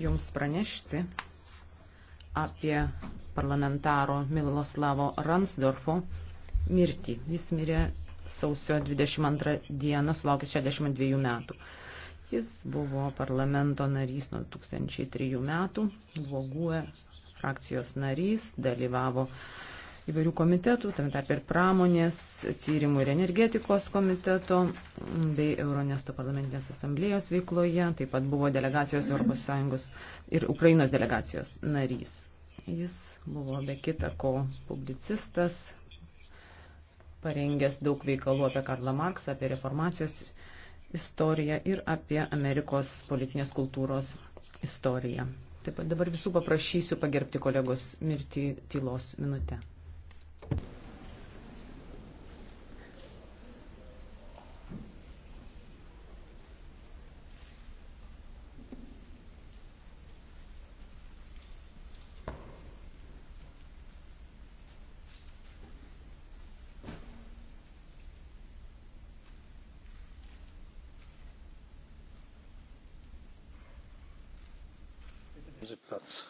Jums pranešti apie parlamentaro Miloslavo Ransdorfo mirtį. Jis mirė sausio 22 dieną, sulaukęs 62 metų. Jis buvo parlamento narys nuo 2003 metų, buvo GUE frakcijos narys, dalyvavo įvairių komitetų, tam tarp ir pramonės, tyrimų ir energetikos komiteto bei Euronesto parlamentinės asamblėjos veikloje, taip pat buvo delegacijos ES ir Ukrainos delegacijos narys. Jis buvo be kita ko publicistas, parengęs daug veikalų apie Karlą Marksą, apie reformacijos istoriją ir apie Amerikos politinės kultūros istoriją. Taip pat dabar visų paprašysiu pagerbti kolegos mirtį tylos minutę. Jums plats.